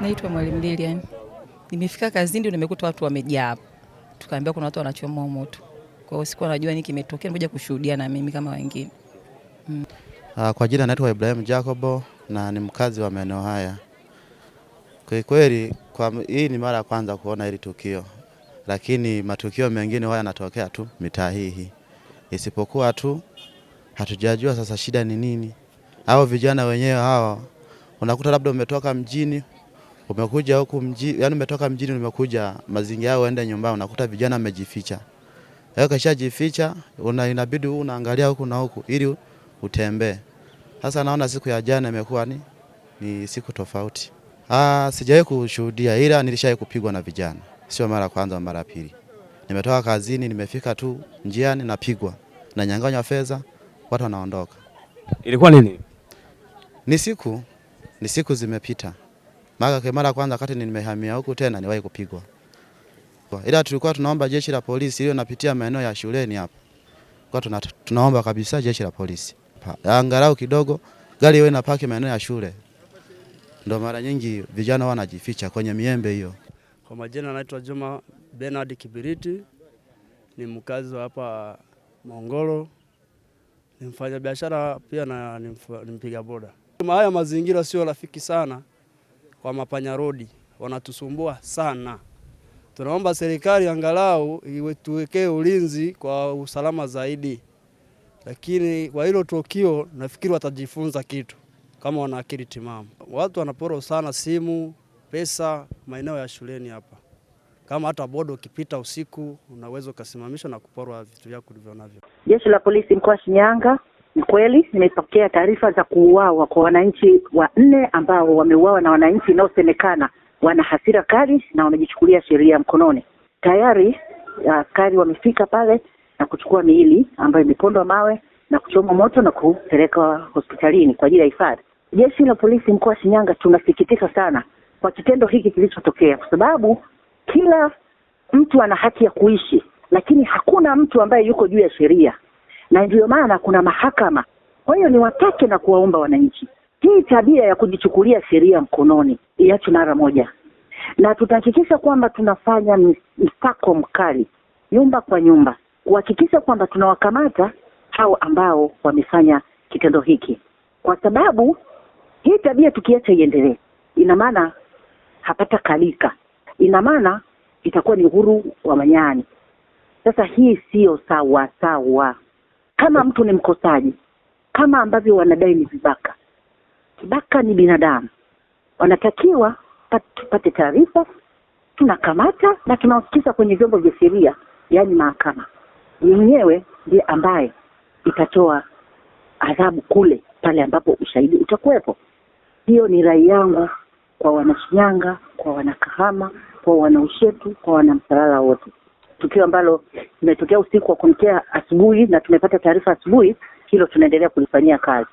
Naitwa Mwalimu Lilian. Nimefika kazini ndio nimekuta watu wamejaa tukaambia Tukaambiwa kuna watu wanachoma moto. Kwa hiyo sikuwa najua nini kimetokea, nimekuja kushuhudia na mimi kama wengine. Mm. Ah, kwa jina naitwa Ibrahim Jacobo na ni mkazi wa maeneo haya. Kwa kweli kwa hii ni mara ya kwanza kuona hili tukio. Lakini matukio mengine haya yanatokea tu mitaa hii, isipokuwa tu hatujajua sasa shida ni nini. Hao vijana wenyewe hawa, unakuta labda umetoka mjini umekuja huku mji, yani umetoka mjini umekuja mazingira yao uende nyumbani, unakuta vijana wamejificha. Wewe kashajificha, una inabidi unaangalia huku na huku ili utembee. Sasa naona siku ya jana imekuwa ni, ni siku tofauti. Ah, sijawahi kushuhudia ila nilishawahi kupigwa na vijana, sio mara kwanza, mara pili. Nimetoka kazini, nimefika tu njiani napigwa, nanyang'anywa fedha watu wanaondoka. Ilikuwa nini? Ni siku ni siku zimepita, maka kwa mara. Kwanza wakati nimehamia huku tena niwahi kupigwa, ila tulikuwa tunaomba jeshi la polisi iliyo napitia maeneo ya shuleni hapa kwa tuna, tunaomba kabisa jeshi la polisi angalau kidogo gari iwe inapaki maeneo ya shule, ndio mara nyingi vijana wanajificha kwenye miembe hiyo. Kwa majina naitwa Juma Bernard Kibiriti, ni mkazi wa hapa Mongolo ni mfanya biashara pia na ni mpiga boda. Haya mazingira sio rafiki sana kwa mapanya rodi, wanatusumbua sana. Tunaomba serikali angalau tuwekee ulinzi kwa usalama zaidi, lakini kwa hilo tukio nafikiri watajifunza kitu kama wana akili timamu. Watu wanaporo sana simu, pesa maeneo ya shuleni hapa kama hata bodo ukipita usiku unaweza ukasimamishwa na kuporwa vitu vyako ulivyo navyo. Jeshi la polisi mkoa wa Shinyanga ni kweli nimepokea taarifa za kuuawa kwa wananchi wanne ambao wameuawa na wananchi inaosemekana wana hasira kali na wamejichukulia sheria mkononi. Tayari uh, askari wamefika pale na kuchukua miili ambayo imepondwa mawe na kuchoma moto na kupeleka hospitalini kwa ajili ya hifadhi. Jeshi la polisi mkoa wa Shinyanga tunasikitika sana kwa kitendo hiki kilichotokea, kwa sababu kila mtu ana haki ya kuishi, lakini hakuna mtu ambaye yuko juu ya sheria, na ndiyo maana kuna mahakama. Kwa hiyo ni watake na kuwaomba wananchi, hii tabia ya kujichukulia sheria mkononi iache mara moja, na tutahakikisha kwamba tunafanya msako mkali nyumba kwa nyumba kuhakikisha kwamba tunawakamata hao ambao wamefanya kitendo hiki, kwa sababu hii tabia tukiacha iendelee, ina maana hapata kalika ina maana itakuwa ni uhuru wa manyani. Sasa hii siyo sawa sawa. Kama mtu ni mkosaji, kama ambavyo wanadai ni vibaka, kibaka ni binadamu, wanatakiwa tupate taarifa, tunakamata na tunawakiza kwenye vyombo vya sheria, yaani mahakama yenyewe ndiye ambaye itatoa adhabu kule pale ambapo ushahidi utakuwepo. Hiyo ni rai yangu kwa Wanashinyanga, kwa Wanakahama, kwa Wanaushetu, kwa Wanamsalala wote. Tukio ambalo limetokea usiku wa kuamkia asubuhi na tumepata taarifa asubuhi, hilo tunaendelea kulifanyia kazi.